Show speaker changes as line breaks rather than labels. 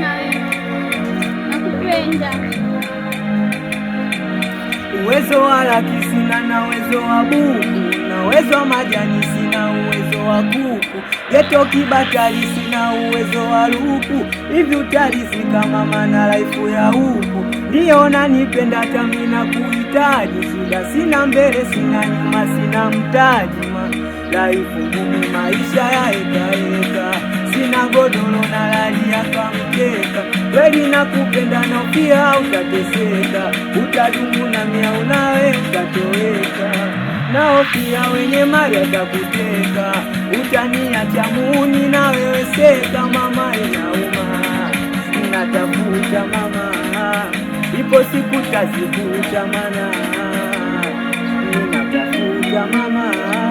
nakupenda.
Uwezo wa laki sina na uwezo wa buku, na uwezo wa majani sina uwezo wa kuku, geto kibatari sina uwezo wa luku, hivi utarizika mama na laifu ya huku, ndiyo nanipenda tami na kuhitaji, shida sina mbele sina nyuma sina mtaji, laifu ngumu maisha ya ekaeka sina godoro na kweli na kupenda na pia utateseka, utadumu na mia nawe utatoweka, na pia wenye mali watakuteka, utaniacha muuni na wewe seka. Mama inauma, natafuta mama, ipo siku tazikuta, mana ninatafuta mama